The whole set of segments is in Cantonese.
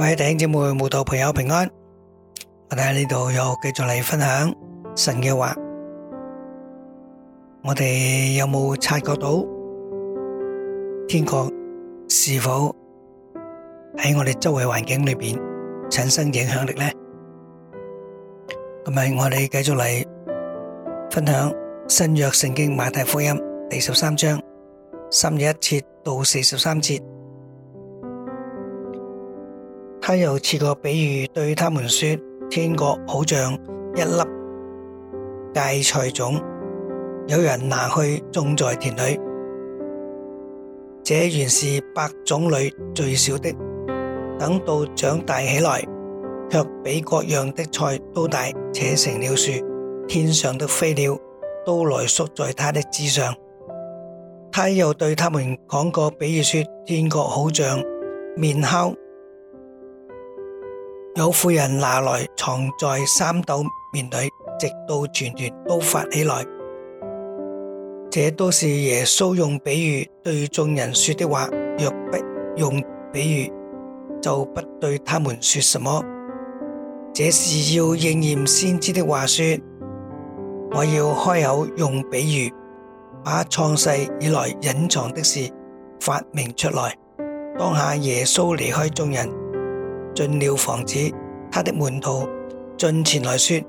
各位弟兄姊妹、慕道朋友平安，我哋喺呢度又繼續嚟分享神嘅話。我哋有冇察覺到天國是否喺我哋周圍環境裏面產生影響力呢？今日我哋繼續嚟分享新約聖經馬太福音第十三章三十一節到四十三節。他又設個比喻對他們說：天國好像一粒芥菜種，有人拿去種在田裏，這原是百種裏最小的。等到長大起來，卻比各樣的菜都大，且成了樹。天上的飛鳥都來宿在它的枝上。他又對他們講個比喻說：天國好像麵酵。有婦人拿來藏在三斗麵裏，直到全團都發起來。這都是耶穌用比喻對眾人說的話。若不用比喻，就不對他們說什麼。這是要應驗先知的話說。我要開口用比喻，把創世以來隱藏的事發明出來。當下耶穌離開眾人。進了房子，他的門徒進前來說：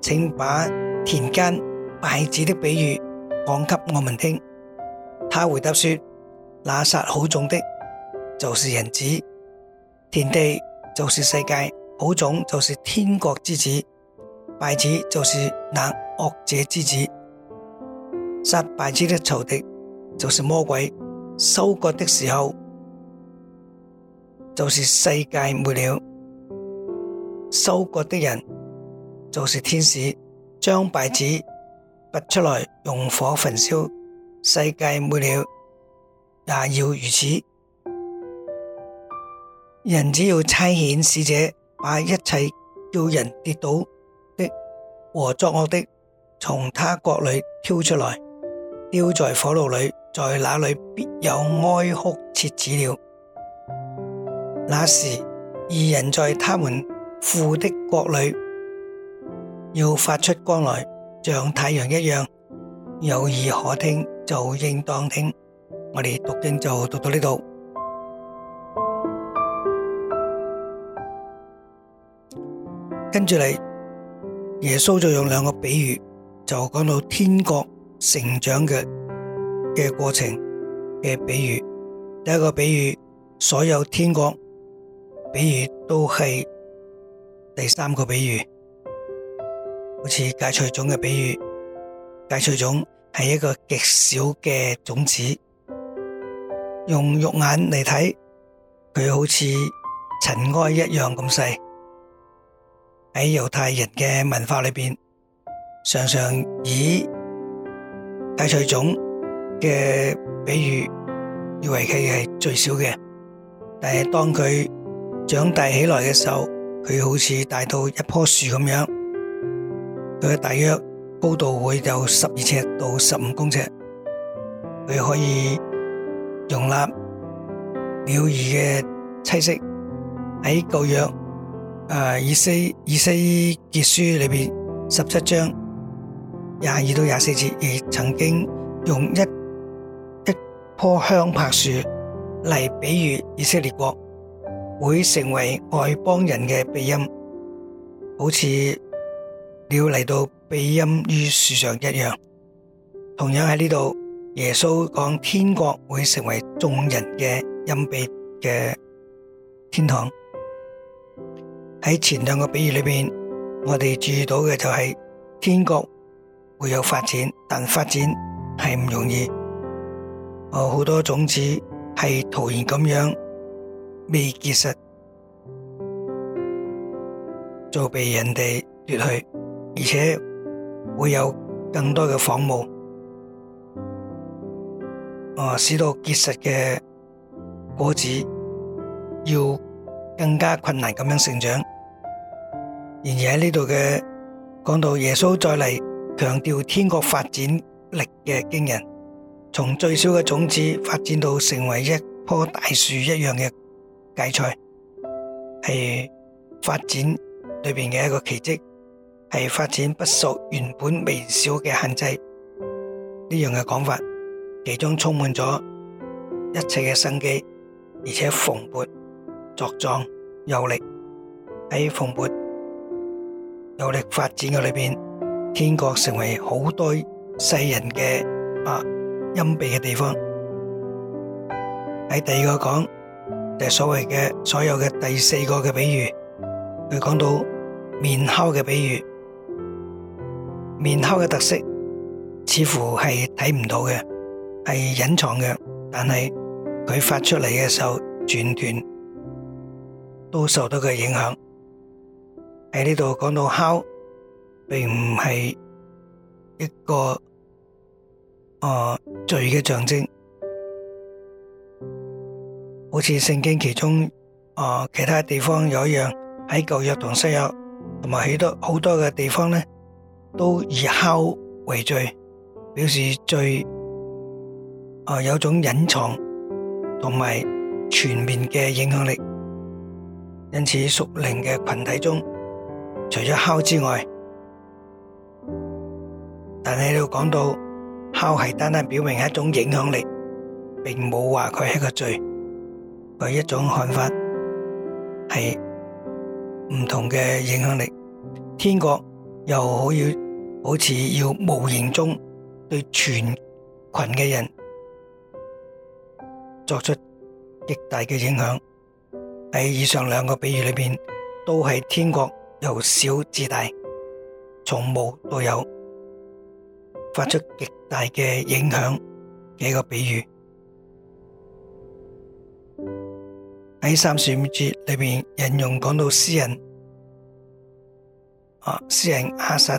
請把田間稗子的比喻講給我們聽。他回答說：那撒好種的，就是人子；田地就是世界，好種就是天國之子，稗子就是那惡者之子。撒稗子的仇敵就是魔鬼。收割的時候。就是世界末了，收割的人就是天使，將稗子拔出來用火焚燒。世界末了也要如此。人子要差遣使者，把一切叫人跌倒的和作惡的，從他國裏挑出來，丟在火爐裏，在那裏必有哀哭切齒了。那時，二人在他們父的國裏，要發出光來，像太陽一樣。有耳可聽就應當聽。我哋讀經就讀到呢度，跟住嚟，耶穌就用兩個比喻，就講到天國成長嘅嘅過程嘅比喻。第一個比喻，所有天國。比如都係第三個比喻，好似芥菜種嘅比喻，芥菜種係一個極小嘅種子，用肉眼嚟睇，佢好似塵埃一樣咁細。喺猶太人嘅文化裏邊，常常以芥菜種嘅比喻，以為佢係最少嘅，但係當佢。.長大起來嘅時候，佢好似大到一棵樹咁樣，佢嘅大約高度會有十二尺到十五公尺，佢可以容納鳥兒嘅棲息在。在舊約誒《以西以西結書裏面》裏邊十七章廿二到廿四節，亦曾經用一一棵香柏樹嚟比喻以色列國。會成為外邦人嘅庇蔭，好似鳥嚟到庇蔭於樹上一樣。同樣喺呢度，耶穌講天國會成為眾人嘅蔭庇嘅天堂。喺前兩個比喻裏面，我哋注意到嘅就係天國會有發展，但發展係唔容易。好多種子係徒然咁樣，未結實就被人哋奪去，而且會有更多嘅仿霧，啊，使到結實嘅果子要更加困難咁樣成長。然而喺呢度嘅，講到耶穌再嚟，強調天國發展力嘅驚人，從最少嘅種子發展到成為一棵大樹一樣嘅。芥菜係發展裏邊嘅一個奇迹，係發展不受原本微小嘅限制。呢樣嘅講法，其中充滿咗一切嘅生機，而且蓬勃茁壯有力。喺蓬勃有力發展嘅裏邊，天國成為好多世人嘅啊蔭蔽嘅地方。喺第二個講。就係所謂嘅所有嘅第四個嘅比喻，佢講到麵烤嘅比喻，麵烤嘅特色似乎係睇唔到嘅，係隱藏嘅，但係佢發出嚟嘅時候，轉段都受到佢嘅影響。喺呢度講到烤，並唔係一個誒、呃、罪嘅象徵。好似聖經其中啊其他地方有一樣，喺舊約同新約，同埋許多好多嘅地方咧，都以敲為罪，表示罪啊有種隱藏同埋全面嘅影響力。因此屬靈嘅群體中，除咗敲之外，但喺度講到敲係單單表明一種影響力，並冇話佢係個罪。佢一種看法，係唔同嘅影響力。天國又好似要，好似要無形中對全群嘅人作出極大嘅影響。喺以上兩個比喻裏邊，都係天國由小至大，從無到有，發出極大嘅影響嘅一個比喻。喺三十五節裏邊引用講到詩人，啊詩人亞薩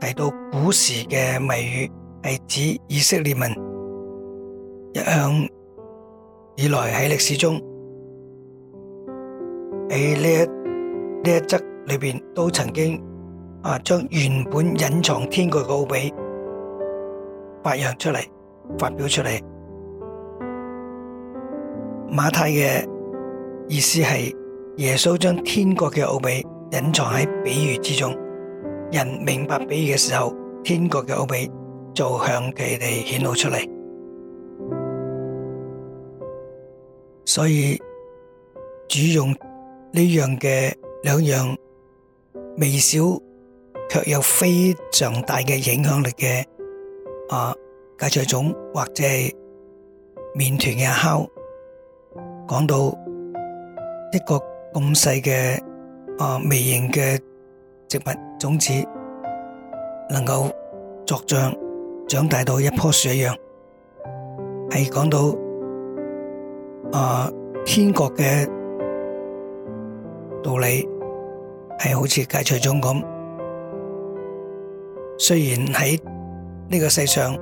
提到古時嘅謎語，係指以色列民一向以來喺歷史中喺呢一呢一則裏邊都曾經啊將原本隱藏天國嘅奧秘發揚出嚟，發表出嚟。馬太嘅。意思係耶穌將天國嘅奧秘隱藏喺比喻之中，人明白比喻嘅時候，天國嘅奧秘就向佢哋顯露出嚟。所以主用呢樣嘅兩樣微小卻有非常大嘅影響力嘅啊，芥菜種或者係麵糰嘅酵，講到。一個咁細嘅啊，微型嘅植物種子，能夠作像長，長大到一棵樹一樣，係講到啊、呃、天國嘅道理，係好似芥菜種咁。雖然喺呢個世上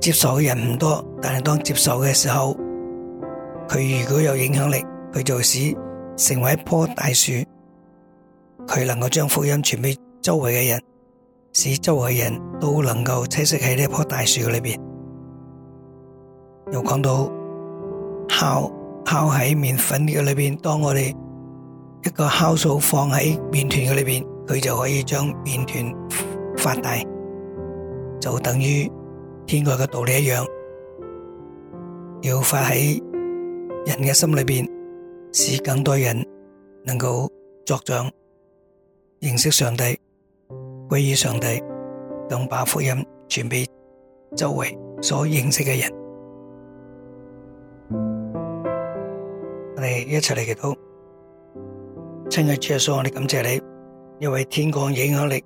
接受嘅人唔多，但係當接受嘅時候。佢如果有影響力，佢就會成為一棵大樹，佢能夠將福音傳俾周圍嘅人，使周圍嘅人都能夠棲息喺呢一棵大樹裏邊。又講到酵酵喺麵粉嘅裏邊，當我哋一個酵素放喺麵團嘅裏邊，佢就可以將麵團發大，就等於天外嘅道理一樣，要發喺人嘅心裏面，使更多人能夠作長認識上帝、歸依上帝，同把福音傳俾周圍所認識嘅人。我哋一齊嚟祈禱，親愛的主耶穌，我哋感謝你，因為天降影響力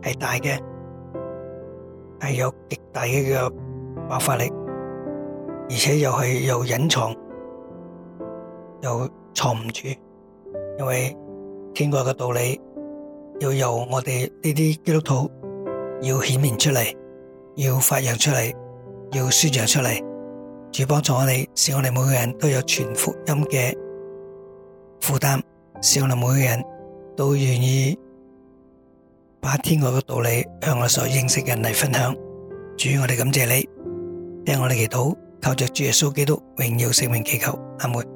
係大嘅，係有極大嘅個爆發力，而且又係有隱藏。又藏唔住，因為天國嘅道理要由我哋呢啲基督徒要顯現出嚟，要發揚出嚟，要宣揚出嚟。主幫助我哋，使我哋每個人都有傳福音嘅負擔，使我哋每個人都願意把天國嘅道理向我所認識嘅人嚟分享。主，我哋感謝你，聽我哋祈禱，靠着主耶穌基督榮耀聖名祈求，阿門。